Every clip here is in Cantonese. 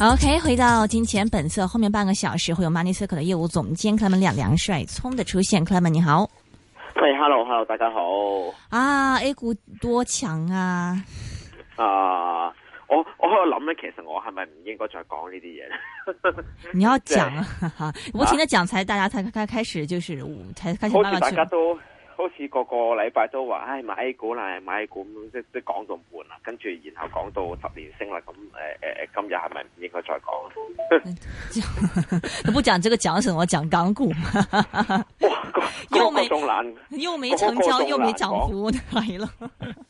OK，回到金錢本色後面半個小時會有 Money Circle 的業務總監 Clayman 梁梁帥聰的出現 Clayman 你好喂 Hey、hello, hello 大家好啊，A 股多強啊！啊、uh,，我我喺度諗咧，其實我係咪唔應該再講呢啲嘢？ 你要講，唔停的講，才大家、啊、才開開始就是才開始慢慢去。好似個個禮拜都話，唉，買股啦，買股咁即即講到悶啦，跟住然後講到十年升啦，咁誒誒今日係咪唔應該再講？ 都不講這個講什麼？我講港股？ 又未中又未成交，又未漲股，咪咯？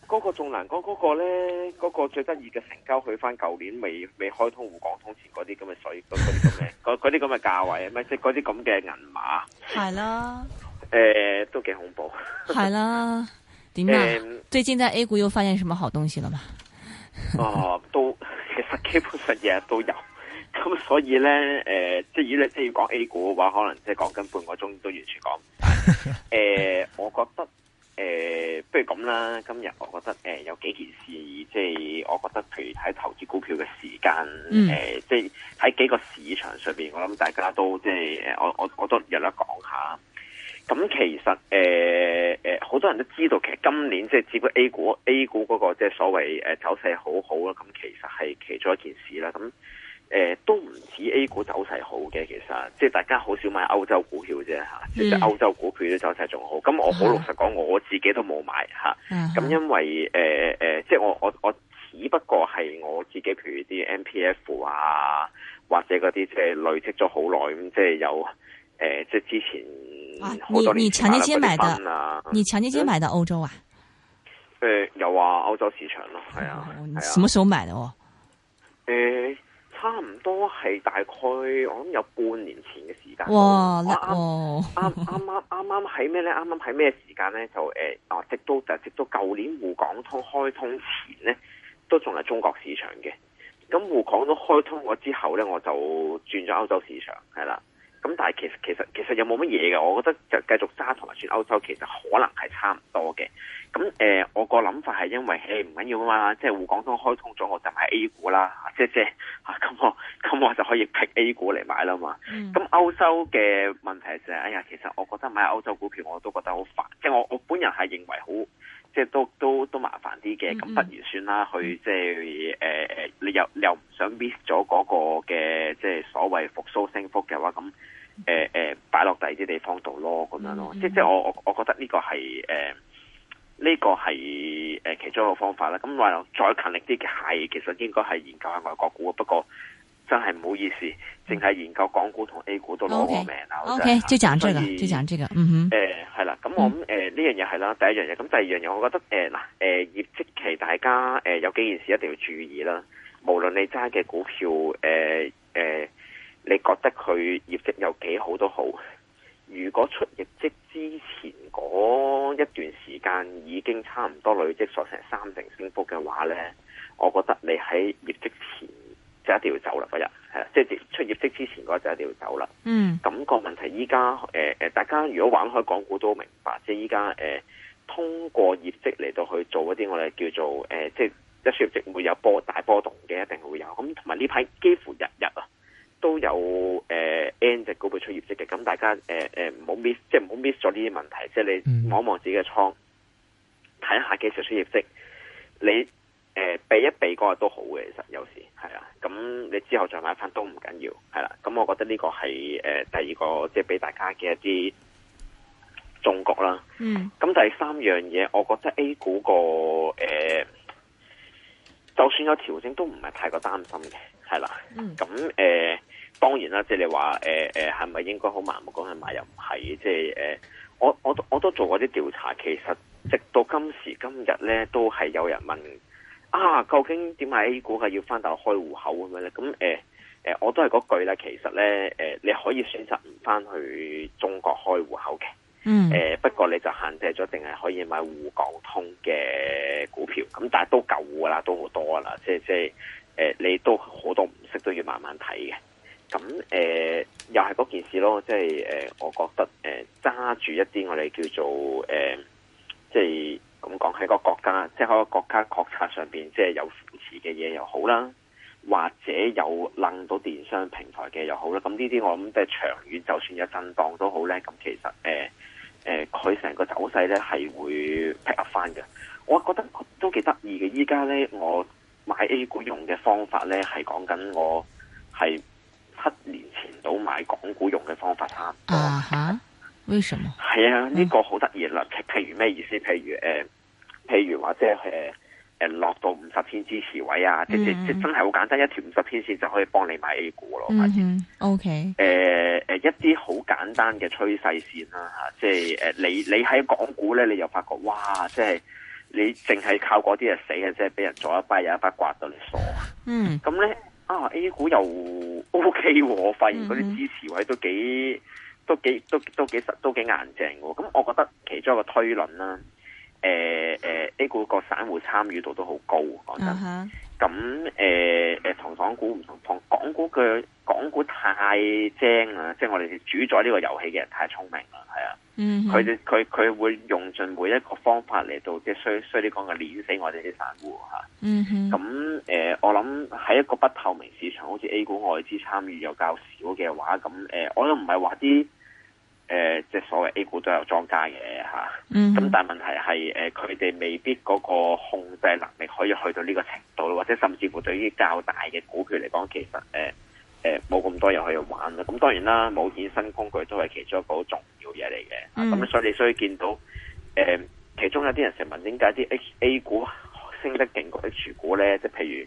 個仲 難講，嗰個咧，嗰個最得意嘅成交，去翻舊年未未開通滬港通前嗰啲咁嘅水，嗰啲咁嘅，嗰啲咁嘅價位，咩即嗰啲咁嘅銀碼，係啦。誒、呃，都幾恐怖。係 啦，點啊、呃？最近在 A 股又發現什麼好東西了嘛？哦、 呃，都其實基本上日日都有。咁所以咧，誒、呃，即係如果即係要講 A 股嘅話，可能即係講緊半個鐘都完全講唔晒。誒、 呃，我覺得誒、呃，不如咁啦。今日我覺得誒、呃，有幾件事，即係我覺得，譬如喺投資股票嘅時間，誒、嗯呃，即係喺幾個市場上邊，我諗大家都即係，我我我都有得講下。咁其實誒、呃、好多人都知道，其實今年即係只不過 A 股 A 股嗰個即係所謂走勢好好啦。咁其實係其中一件事啦。咁誒、呃、都唔似 A 股走勢好嘅，其實即係大家好少買歐洲股票啫嚇。即係歐洲股票啲走勢仲好。咁、嗯、我好老實講，我自己都冇買嚇。咁、嗯、因為誒、呃、即係我我我只不過係我自己，譬如啲 MPF 啊，或者嗰啲即係累積咗好耐咁，即係有。誒、呃，即係之前，前你你強積金買的，啊、你強積金買的歐洲啊？誒、呃，又話歐洲市場咯，係啊，係、哎、啊。什麼時候買的？誒、呃，差唔多係大概我諗有半年前嘅時間。哇、哦，啱啱啱啱喺咩咧？啱啱喺咩時間咧？就誒，啊、呃，直到就直到舊年滬港通開通前咧，都仲係中國市場嘅。咁滬港通開通咗之後咧，我就轉咗歐洲市場，係啦。咁、嗯、但係其實其實其實有冇乜嘢嘅？我覺得就繼續揸同埋轉歐洲，其實可能係差唔多嘅。咁誒、呃，我個諗法係因為誒唔緊要啊嘛，即係滬港通開通咗，我就買 A 股啦，即係即係咁我咁我就可以辟 A 股嚟買啦嘛。咁、嗯、歐洲嘅問題就係、是，哎呀，其實我覺得買歐洲股票我都覺得好煩，即係我我本人係認為好。即係都都都麻煩啲嘅，咁不如算啦，去即係誒誒，你、呃、又又唔想 miss 咗嗰個嘅即係所謂復甦升幅嘅話，咁誒誒擺落第二啲地方度咯，咁樣咯、嗯嗯嗯，即即係我我我覺得呢個係誒呢個係誒其中一個方法啦。咁話再勤力啲嘅係，其實應該係研究下外國股，不過。真係唔好意思，淨係研究港股同 A 股都攞我命 OK 就講呢個，就講呢個，嗯哼，誒係啦，咁我諗誒呢樣嘢係啦，第一樣嘢，咁第二樣嘢，我覺得誒嗱，誒、呃呃、業績期大家誒、呃、有幾件事一定要注意啦。無論你揸嘅股票，誒、呃、誒、呃，你覺得佢業績有幾好都好。如果出業績之前嗰一段時間已經差唔多累積咗成三成升幅嘅話呢，我覺得你喺業績前。就一定要走啦！嗰日係啊，即係、就是、出業績之前嗰陣就一定要走啦。嗯，咁、那個問題依家誒誒，大家如果玩開港股都明白，即係依家誒，通過業績嚟到去做一啲我哋叫做誒，即、呃、係、就是、一出業績會有波大波動嘅，一定會有。咁同埋呢排幾乎日日啊都有誒 N 隻股出業績嘅，咁大家誒誒，唔好 miss 即係唔好 miss 咗呢啲問題，即、就、係、是、你望望自己嘅倉，睇下幾時出業績，你。誒、呃，避一避嗰日都好嘅，其實有時係啦，咁你之後再買翻都唔緊要，係啦，咁我覺得呢個係誒、呃、第二個，即係俾大家嘅一啲中局啦。嗯。咁第三樣嘢，我覺得 A 股個誒、呃，就算有調整都唔係太過擔心嘅，係啦。咁、嗯、誒、呃，當然啦，即係你話誒誒，係、呃、咪、呃、應該好盲目咁去買？又唔係即係誒、呃，我我我都做過啲調查，其實直到今時今日咧，都係有人問。啊，究竟點解股票要翻大陸開戶口咁樣咧？咁誒誒，我都係嗰句啦。其實咧，誒、呃、你可以選擇唔翻去中國開戶口嘅。嗯。誒、呃，不過你就限制咗，淨係可以買滬港通嘅股票。咁但係都舊嘅啦，都好多啦。即係即係，誒、呃，你都好多唔識都要慢慢睇嘅。咁誒、呃，又係嗰件事咯。即係誒、呃，我覺得誒揸住一啲我哋叫做誒、呃，即係。咁講喺個國家，即喺個國家國策上邊，即係有扶持嘅嘢又好啦，或者有掹到電商平台嘅又好啦。咁呢啲我諗即係長遠，就算有震盪都好咧。咁其實誒誒佢成個走勢咧係會 pick up 翻嘅。我覺得都幾得意嘅。依家咧，我買 A 股用嘅方法咧，係講緊我係七年前到買港股用嘅方法差唔多。Uh-huh. 為什麼？係啊，呢、這個好得意啦。譬如咩意思？譬如誒、呃，譬如話即係誒落到五十天支持位啊，mm -hmm. 即即即真係好簡單，一條五十天線就可以幫你買 A 股咯。反正 OK 誒誒，一啲好簡單嘅趨勢線啦、啊、吓，即係誒、呃、你你喺港股咧，你又發覺哇，即係你淨係靠嗰啲啊死嘅，即係俾人左一巴又一巴刮到你傻嗯。咁、mm、咧 -hmm. 啊，A 股又 OK，我發現嗰啲支持位都幾。都幾都都幾實都幾硬淨嘅，咁我覺得其中一個推論啦、啊欸欸、，A 股個散戶參與度都好高，講真。咁誒同港股唔同，同港股嘅港，港股太精啦，即係我哋主宰呢個遊戲嘅人太聰明啦，係啊。嗯、uh -huh.。佢哋佢佢會用盡每一個方法嚟到即係衰衰啲講嘅碾死我哋啲散戶嚇。嗯、uh、咁 -huh. 欸、我諗喺一個不透明市場，好似 A 股外資參與又較少嘅話，咁、欸、我都唔係話啲。誒、呃，即係所謂 A 股都有莊家嘅吓，咁、啊 mm -hmm. 但係問題係，誒佢哋未必嗰個控制能力可以去到呢個程度咯，或者甚至乎對於較大嘅股票嚟講，其實誒誒冇咁多人可以去玩啦。咁、啊、當然啦，冇衍生工具都係其中一個好重要嘢嚟嘅。咁、啊 mm -hmm. 啊、所以你所以見到，誒、呃，其中有啲人成問，點解啲 A A 股升得勁過 H 股咧？即係譬如。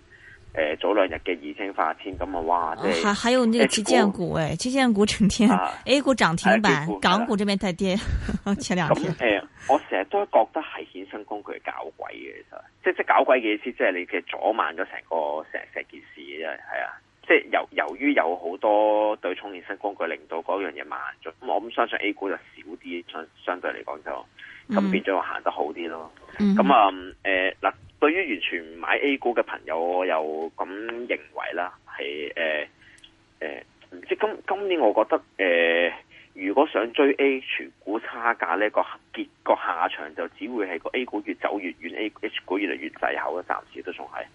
誒、呃，早兩日嘅二升化天，咁啊，哇，即係呢個基建股，誒，基建股整、欸、天、啊，A 股漲停板，港股這邊太跌， 前兩日、嗯。誒、欸， 我成日都覺得係衍生工具搞鬼嘅，其實，即係即係搞鬼嘅意思，即係你嘅阻慢咗成個成成件事嘅啫，係啊，即係由由於有好多對沖衍生工具令到嗰樣嘢慢咗，咁我咁相信 A 股就少啲相相對嚟講就，咁變咗行得好啲咯，咁、嗯、啊，誒、嗯，嗱、嗯。嗯對於完全唔買 A 股嘅朋友，我又咁認為啦，係誒誒，即今今年我覺得誒、呃，如果想追 A H 股差價呢個結個下場就只會係個 A 股越走越遠，A H 股越嚟越滯後啦，暫時都仲係，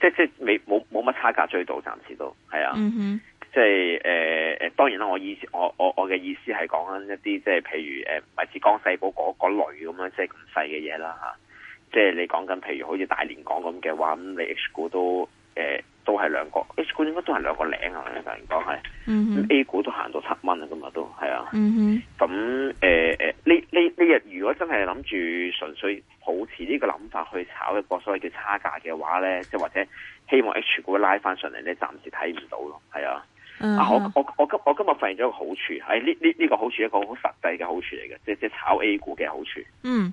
即即未冇冇乜差價追到，暫時都係啊，嗯、即係誒誒，當然啦，我意思，我我我嘅意思係講緊一啲即係譬如誒，係、呃、似江西嗰類咁樣，即係咁細嘅嘢啦吓。就是即係你講緊，譬如好似大連港咁嘅話，咁你 H 股都誒、呃、都係兩個，mm-hmm. H 股應該都係兩個零啊。大連港係，咁、mm-hmm. A 股都行到七蚊啊，今日都係啊。咁誒誒，呢呢日如果真係諗住純粹保持呢個諗法去炒一個所謂嘅差價嘅話呢，即係或者希望 H 股拉翻上嚟咧，暫時睇唔到咯。係啊，uh-huh. 我我我，我今我今日發現咗一個好處，係呢呢呢個好處一個好實際嘅好處嚟嘅，即係即係炒 A 股嘅好處。嗯、mm-hmm.。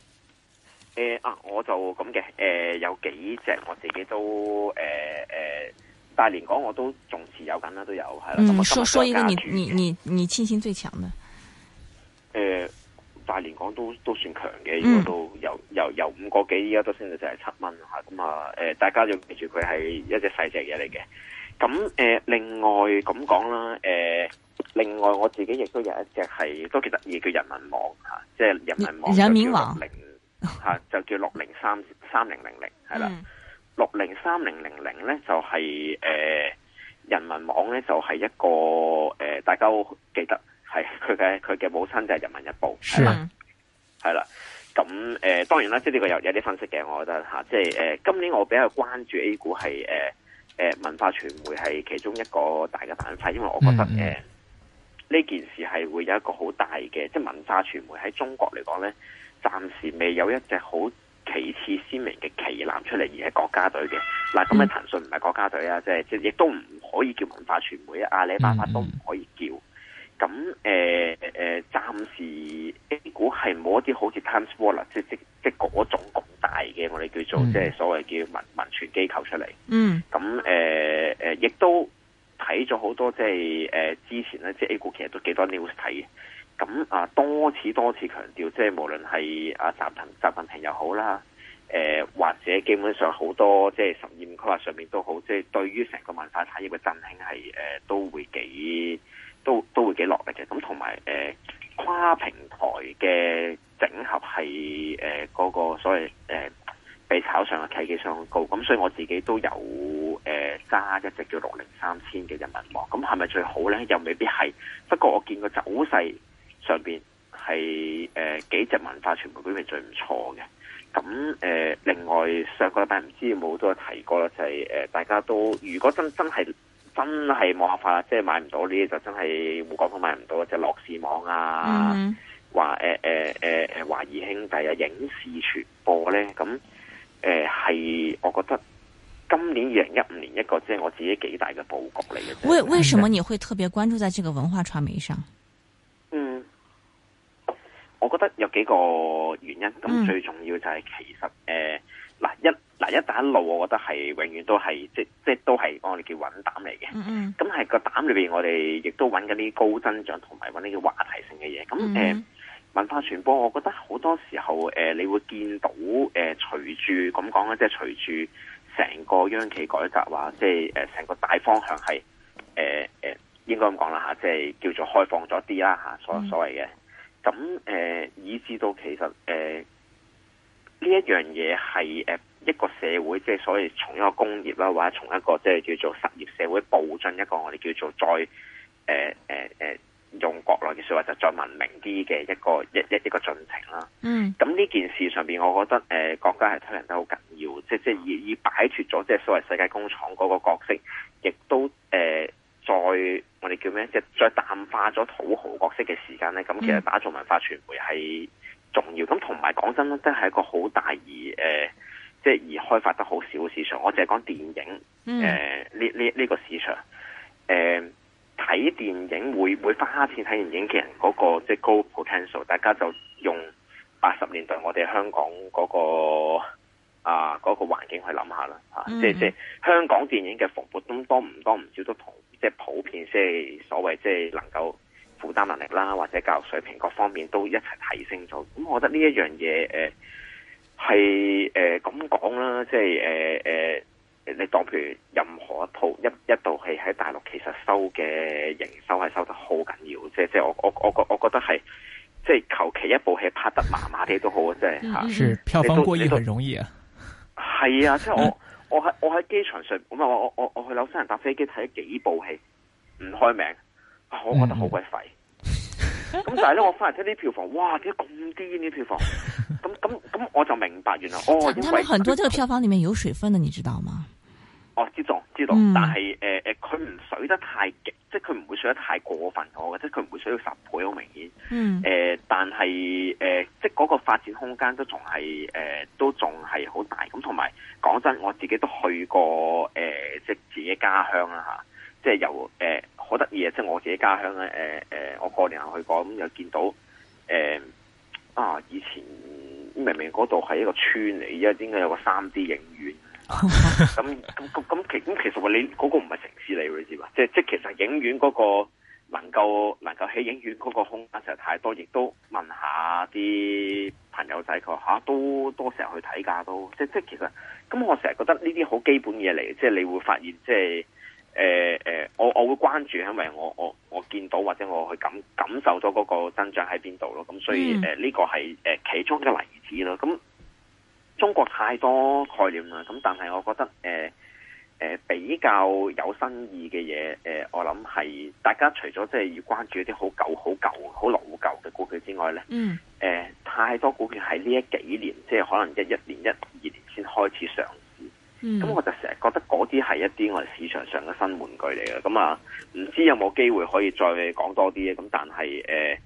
啊，我就咁嘅，誒、呃、有幾隻我自己都誒誒、呃呃、大連港我都仲持有緊啦，都有係啦，嗯嗯嗯。說一個你你你你信心最強嘅？誒、呃，大連港都都算強嘅，嗯、都由由由五個幾，而家都升到成七蚊吓。咁啊，誒、呃，大家要記住佢係一隻細隻嘢嚟嘅。咁、啊、誒、呃，另外咁講啦，誒、呃，另外我自己亦都有一隻係，都其實亦叫人民網吓、啊，即係人民網有有人民網吓 就叫六零三三零零零係啦，六零三零零零咧就係、是、誒、呃、人民網咧就係、是、一個誒、呃、大家都記得係佢嘅佢嘅母親就係人民日報係嘛係啦，咁誒、 呃、當然啦，即係呢個又有啲分析嘅，我覺得吓即係誒今年我比較關注 A 股係誒誒文化傳媒係其中一個大嘅板塊，因為我覺得誒呢、mm. 呃、件事係會有一個好大嘅即係文化傳媒喺中國嚟講咧。暫時未有一隻好旗幟鮮明嘅旗艦出嚟，而係國家隊嘅。嗱，咁樣騰訊唔係國家隊啊、嗯，即係即係亦都唔可以叫文化傳媒、嗯、啊，阿里巴巴都唔可以叫。咁誒誒，暫、呃、時 A 股係冇一啲好似 Times Wall 即係即即嗰種咁大嘅，我哋叫做即係所謂叫文文傳機構出嚟。嗯。咁誒誒，亦、嗯呃、都睇咗好多即係誒、呃、之前咧，即係 A 股其實都幾多 news 睇嘅。咁啊，多次多次強調，即係無論係啊習近習近平又好啦，誒、呃、或者基本上好多即係實驗規劃上面都好，即係對於成個文化產業嘅振興係誒、呃、都會幾都都會幾落力嘅。咁同埋誒跨平台嘅整合係誒嗰個所謂誒、呃、被炒上嘅契機上高，咁所以我自己都有誒揸、呃、一隻叫六零三千嘅人民網，咁係咪最好咧？又未必係。不過我見個走勢。上邊係誒幾隻文化傳媒表現最唔錯嘅，咁誒、呃、另外上個禮拜唔知有冇都有提過啦，就係、是、誒、呃、大家都如果真真係真係冇辦法啦，即、就、係、是、買唔到呢啲就真係滬港通都買唔到，即係樂視網啊，話誒誒誒誒華誼兄弟啊影視傳播咧，咁誒係我覺得今年二零一五年一個即係我自己幾大嘅佈局嚟嘅。為為什麼你會特別關注在這個文化傳媒上？我覺得有幾個原因，咁最重要就係其實誒，嗱、嗯呃、一嗱、呃、一帶一路，我覺得係永遠都係即即都係我哋叫穩膽嚟嘅。咁係、嗯那個膽裏邊，我哋亦都揾緊啲高增長同埋揾啲叫話題性嘅嘢。咁誒、嗯呃，文化傳播，我覺得好多時候誒、呃，你會見到誒，隨住咁講即係隨住成個央企改革話，即係誒，成、呃、個大方向係誒誒，應該咁講啦吓，即、就、係、是、叫做開放咗啲啦吓，所所謂嘅。嗯咁誒、呃，以至到其實誒呢、呃、一樣嘢係一個社會，即係所謂從一個工業啦，或者從一個即係叫做實業社會，步進一個我哋叫做再誒、呃呃、用國內嘅說話，就再文明啲嘅一個一一一個進程啦。嗯，咁呢件事上面，我覺得誒、呃、國家係睇人都好緊要，即係即係以以擺脫咗即係所謂世界工廠嗰個角色，亦都誒。呃再我哋叫咩？即係再淡化咗土豪角色嘅時間咧，咁其實打造文化傳媒係重要。咁同埋講真咧，都係一個好大而誒即係而開發得好少嘅市場。我淨係講電影誒呢呢呢個市場。誒、呃、睇電影會會花錢睇電影嘅人嗰、那個即係、就是、高 potential，大家就用八十年代我哋香港嗰、那個啊嗰、那個環境去諗下啦吓，即係即係香港電影嘅蓬勃都多唔多唔少都同。即係普遍，即係所謂，即係能夠負擔能力啦，或者教育水平各方面都一齊提升咗。咁我覺得呢一樣嘢，誒、呃，係誒咁講啦，即係誒誒，你當譬如任何一套一一套戲喺大陸其實收嘅營收係收得好緊要，即係即係我我我覺我覺得係即係求其一部戲拍得麻麻哋都好，即係吓。是票房過億很容易啊。係啊，啊，即係我。我喺我喺機場上，咁啊我我我我去紐西蘭搭飛機睇咗幾部戲，唔開名，我覺得好鬼廢。咁就係咧，我翻嚟睇啲票房，哇！點解咁癲啲票房，咁咁咁我就明白原來哦。咁，因為很多這個票房裡面有水分的，你知道嗎？哦，知道知道，但係誒誒，佢、嗯、唔、呃、水得太極，即係佢唔會水得太過分，我嘅，覺得佢唔會水到十倍，好明顯。誒、嗯、呃，但係誒、呃，即係嗰、那個發展空間都仲係誒，都仲係好大。咁同埋講真，我自己都去過誒，即、呃、係自己家鄉啊吓，即係由誒好得意啊，即係、呃就是、我自己家鄉咧，誒、呃、誒、呃，我過年去過，咁、嗯、又見到誒、呃，啊，以前明明嗰度係一個村嚟，而家點解有個三 D 影院？咁咁咁咁其咁其實話你嗰、嗰個唔係城市嚟嘅你知嘛？即即其實影院嗰個能夠能夠喺影院嗰個空間實在太多，亦都問一下啲朋友仔佢話吓都多成日去睇噶都即即其實咁我成日覺得呢啲好基本嘢嚟，即係你會發現即係誒誒，我我會關注，因為我我我見到或者我去感感受咗嗰個增長喺邊度咯。咁所以誒呢、嗯呃這個係誒、呃、其中一個例子啦。咁。中國太多概念啦，咁但係我覺得誒誒、呃呃、比較有新意嘅嘢，誒、呃、我諗係大家除咗即係要關注一啲好舊、好舊、好老舊嘅股票之外咧，嗯，誒、呃、太多股票喺呢一幾年，即係可能一一年、一二年先開始上市，嗯，咁我就成日覺得嗰啲係一啲我哋市場上嘅新玩具嚟嘅，咁、嗯、啊，唔知有冇機會可以再講多啲嘢，咁但係誒。呃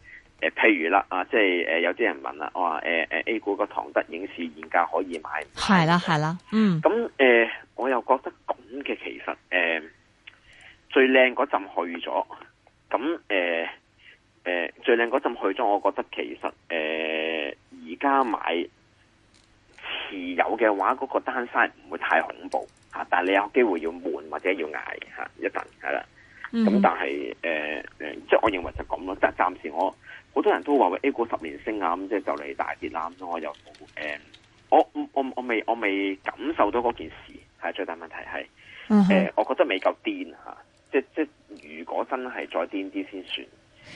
誒、呃，譬如啦，啊，即係誒、呃，有啲人問啦，我話誒誒，A 股個唐德影視現價可以買，係啦係啦，嗯，咁誒、呃，我又覺得咁嘅，其實誒、呃，最靚嗰陣去咗，咁誒誒，最靚嗰陣去咗，我覺得其實誒，而、呃、家買持有嘅話，嗰、那個單晒唔會太恐怖吓、啊，但係你有機會要悶或者要挨吓、啊、一陣係啦，咁、嗯、但係誒誒，即係我認為就咁咯，即係暫時我。好多人都話，喂，A 股十年升啊，咁即係就嚟大跌啦。咁我又，誒、呃，我我我，我未我未感受到嗰件事係最大問題係，誒、嗯呃，我覺得未夠癲吓、啊，即即如果真係再癲啲先算。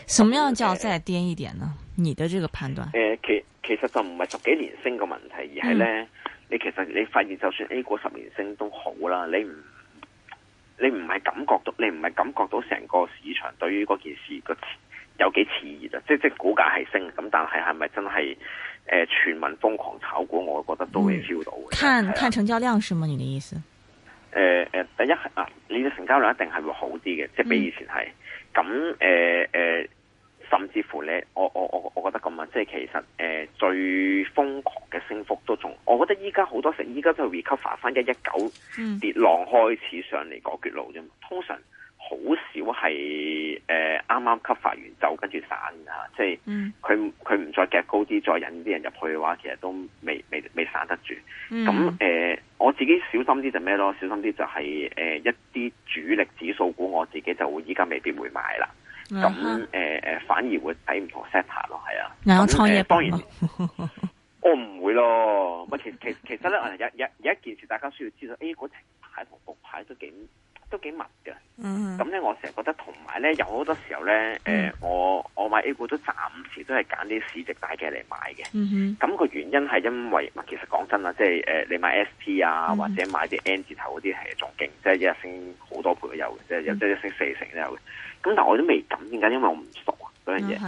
什麼樣叫再癲一點呢、呃？你的這個判斷？誒、呃，其其實就唔係十幾年升嘅問題，而係咧、嗯，你其實你發現就算 A 股十年升都好啦，你唔你唔係感覺到，你唔係感覺到成個市場對於嗰件事個。有幾熾熱啊！即即股價係升咁，但係係咪真係誒、呃、全民瘋狂炒股？我覺得都會 feel 到、嗯。看看成交量是嗎？你嘅意思？誒、呃呃、第一啊，你嘅成交量一定係會好啲嘅，即係比以前係。咁、嗯、誒、呃呃、甚至乎咧，我我我我覺得咁啊，即係其實誒最瘋狂嘅升幅都仲，我覺得依家好多成依家都 recover 翻一一九跌浪開始上嚟嗰條路啫嘛、嗯，通常。好少係誒，啱啱吸發完就跟住散噶即係佢佢唔再夾高啲，再引啲人入去嘅話，其實都未未未散得住。咁、嗯、誒、呃，我自己小心啲就咩咯？小心啲就係、是、誒、呃，一啲主力指數股，我自己就會依家未必會買啦。咁誒誒，反而會睇唔同 set 牌咯，係啊。嗱，我創業當然我唔、 哦、會咯。其其其實咧，有有有一件事大家需要知道，A 股、哎、那個、停牌同復牌都幾，都幾密嘅，咁、嗯、咧我成日覺得，同埋咧有好多時候咧、呃，我我買 A 股都暫時都係揀啲市值大嘅嚟買嘅，咁、嗯個原因係因為，其實講真啦即係你買 ST 啊或者買啲 N 字頭嗰啲係仲勁，即係一日升好多倍都有嘅、嗯，即係有即係升四成都有嘅。咁但我都未感點解，因為我唔熟啊嗰樣嘢。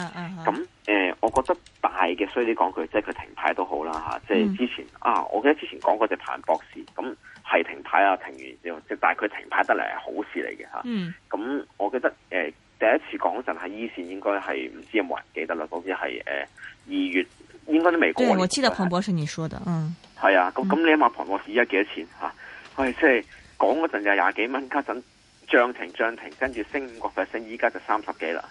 咁、嗯呃、我覺得大嘅，衰啲講句即係佢停牌都好啦吓即係之前、嗯、啊，我記得之前講過隻彭博士咁。係停牌啊，停完之後，即係但停牌得嚟係好事嚟嘅吓。咁、嗯啊、我覺得誒、呃，第一次講嗰陣喺二線應該係唔知有冇人記得啦。嗰啲係誒二月應該都未過年嘅。我記得彭博是你說的，嗯。係啊，咁、嗯、咁你諗下彭博市而家幾多錢吓？即係講嗰陣就廿幾蚊，加上漲停、漲停，跟住升五個 percent，而家就三十幾啦。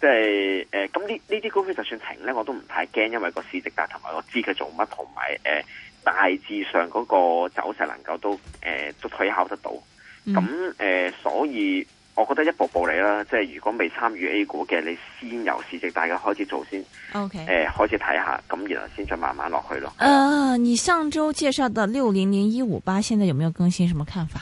即係誒，咁呢呢啲股票就算停咧，我都唔太驚，因為個市值大同，同埋我知佢做乜，同埋誒。呃大致上嗰個走勢能夠都誒、呃、都參考得到，咁、嗯、誒、呃、所以我覺得一步步嚟啦，即係如果未參與 A 股嘅，你先由市值大家開始做先，OK，誒、呃、開始睇下，咁然後先再慢慢落去咯、呃。你上周介紹的六零零一五八，現在有沒有更新什麼看法？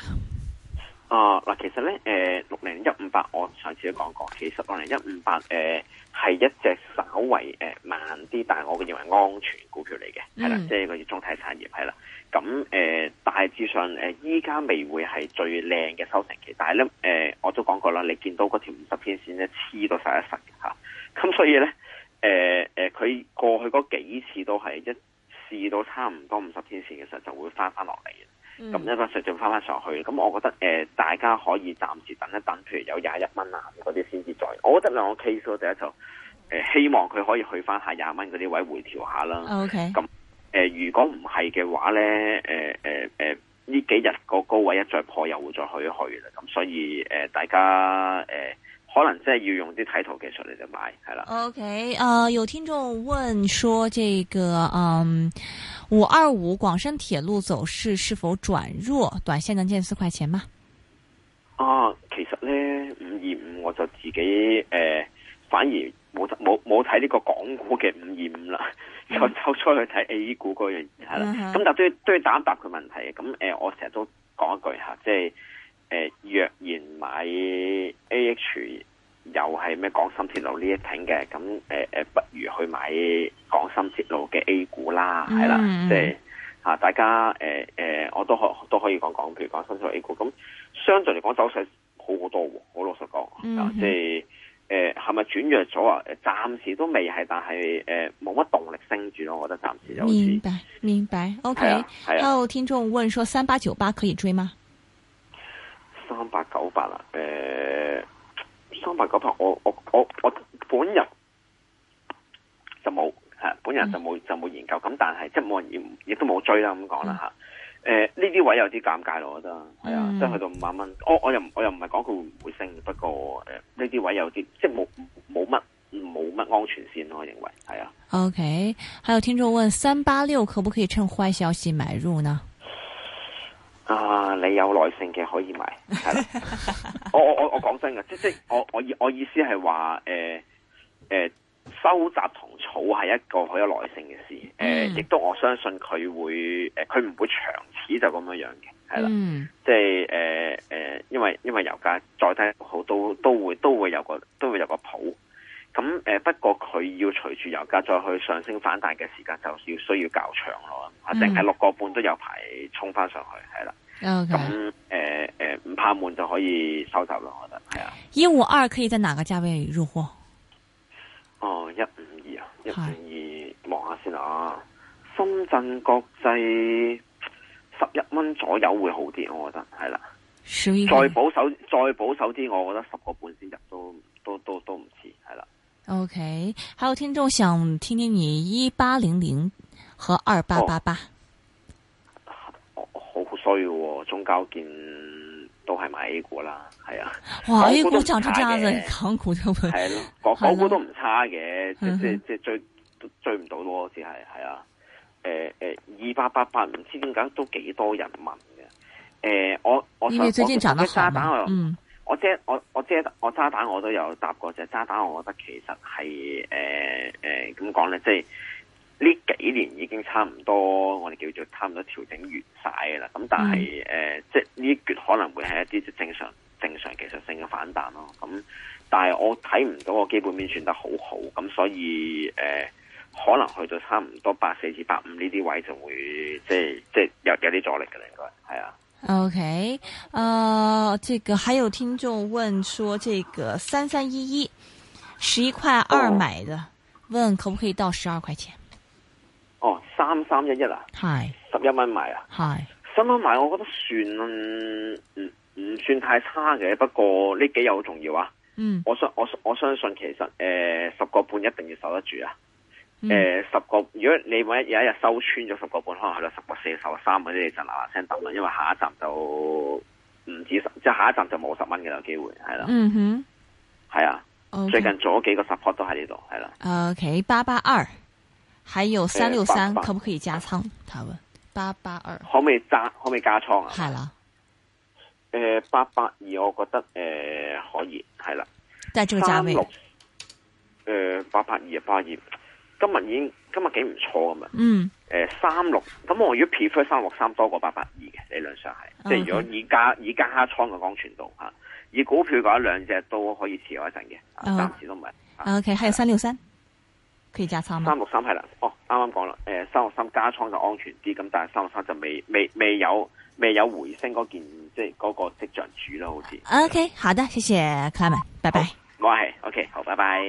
啊，嗱，其實咧，誒、呃，六零一五八，我上次都講過，其實六零一五八，誒。係一隻稍為誒，慢啲，但係我認為安全股票嚟嘅，係、mm. 啦，即係個中睇產業，係啦。咁誒、呃、大致上誒依家未會係最靚嘅收成期，但係咧誒我都講過啦，你見到嗰條五十天線咧黐到晒一實嘅吓，咁所以咧誒誒佢過去嗰幾次都係一試到差唔多五十天線嘅時候就會翻翻落嚟，咁一陣時就翻翻上去，咁我覺得誒、呃、大家可以暫時等一等，譬如，有廿一蚊啊嗰啲先至。我得兩個 case 第一就誒、呃，希望佢可以去翻下廿蚊嗰啲位回調下啦。OK，咁、嗯、誒、呃，如果唔係嘅話咧，誒誒誒，呢、呃呃、幾日個高位一再破，又會再去一去啦。咁、嗯、所以誒、呃，大家誒、呃，可能真係要用啲睇圖技術嚟就買係啦。OK，啊、uh,，有聽眾問說，這個嗯五二五廣深鐵路走勢是否轉弱？短線能見四塊錢嗎？啊，其實咧五二就自己誒、呃，反而冇冇冇睇呢個港股嘅五二五啦，就走出去睇 A 股嗰樣嘢啦。咁、mm -hmm. 但都要都要答一答佢問題咁，、呃、我成日都講一句下，即係誒、呃，若然買 AH 又係咩港深鐵路呢一挺嘅，咁誒、呃、不如去買港深鐵路嘅 A 股啦，係啦，mm -hmm. 即係大家誒、呃呃、我都可都可以講講譬如講港深鐵路 A 股，咁相對嚟講走勢好好多喎。即係誒，係、啊、咪、就是呃、轉弱咗啊？暫時都未係，但係誒，冇、呃、乜動力升住咯。我覺得暫時好似明白，明白。OK，係啊。啊啊有聽眾問說，三八九八可以追嗎？三八九八啦，誒、呃，三八九八，我我我我本人就冇，吓、嗯，本人就冇就冇研究。咁但係即係冇人亦亦都冇追啦。咁講啦吓。嗯誒、呃，呢啲位有啲尷尬咯，我覺得係啊，即、嗯、係、就是、去到五萬蚊。我我又我又唔係講佢會唔會升，不過誒、呢、呃、啲位有啲即係冇冇乜冇乜安全綫咯，我認為係啊。OK，還有聽眾問：三八六可不可以趁壞消息買入呢？啊，你有耐性嘅可以買。啊、 我我我說 我講真噶，即即我我意我意思係話誒誒。呃呃收集同儲係一個好有耐性嘅事，誒、嗯，亦都我相信佢會，誒，佢唔會長此就咁樣樣嘅，係啦、嗯，即係，誒、呃，誒、呃，因為因為油價再低好都,都會都會有個都會有個譜咁誒，不過佢要隨住油價再去上升反彈嘅時間就要需要較長咯，啊、嗯，淨係六個半都有排衝翻上去，係啦，咁、okay. 嗯，誒、呃，誒、呃，唔怕悶就可以收集咯，我覺得係啊，一五二可以在哪個價位入貨？哦，一五二啊，一五二，望下先啊。深圳國際十一蚊左右會好啲，我覺得係啦。再保守，再保守啲，我覺得十個半先入都都都唔遲，係啦。OK，還有聽眾想聽聽你一八零零和二八八八。好衰喎，哦，中交建。都係買 A 股啦，係啊！哇，A 股賺出渣子，港、那個、股都係，咯，股都唔差嘅、 嗯，即即即追追唔到咯、啊，只係係啊，誒誒，二八八八唔知點解都幾多人問嘅，誒，我我因為最近賺得少、啊，嗯，我即我我即我渣打我都有答過，隻渣打我覺得其實係誒誒咁講咧，即。呢幾年已經差唔多，我哋叫做差唔多調整完晒噶啦。咁、嗯嗯、但係誒，即係呢可能會係一啲正常、正常技術性嘅反彈咯。咁、嗯、但係我睇唔到個基本面算得好好，咁、嗯、所以誒、呃，可能去到差唔多八四至八五呢啲位就會，即係即係有有啲阻力嘅啦。應該係啊。OK，啊、呃，這個還有聽眾問說，這個三三一一十一塊二買的、哦，問可不可以到十二塊錢？哦，三三一一啊，係十一蚊買啊，係十一蚊買，我覺得算唔唔、嗯、算太差嘅，不過呢幾日好重要啊。嗯、mm.，我相我我相信其實誒十個半一定要守得住啊。誒、mm. 十、呃、個，如果你萬一有一日收穿咗十個半，可能去到十個四、十個三嗰啲你就喇喇聲等啦，因為下一站就唔止十，即係下一站就冇十蚊嘅機會係啦。嗯哼，係、mm、啊 -hmm.，okay. 最近做咗幾個 support 都喺呢度係啦。OK，八八二。還有三六三可不可以加倉？他問八八二可唔可以加可唔可以加倉啊？係啦，誒八八二我覺得誒、呃、可以係啦，但係三六誒八八二八二今日已經今日幾唔錯㗎嘛。嗯，誒三六咁我如果 prefer 三六三多過八八二嘅理論上係、啊，即係如果以加、啊 okay、以加倉嘅安全度吓，以股票嘅話兩隻都可以持有一陣嘅，暫時都唔係。OK，、啊、還有三六三。可以加倉嗎？三六三係啦，哦，啱啱講啦，誒、呃，三六三加倉就安全啲，咁但係三六三就未未未有未有回升嗰件，即係嗰、那個跡象柱啦，好似。OK，好的，謝謝 Clarence，拜拜。冇係，OK，好，拜拜。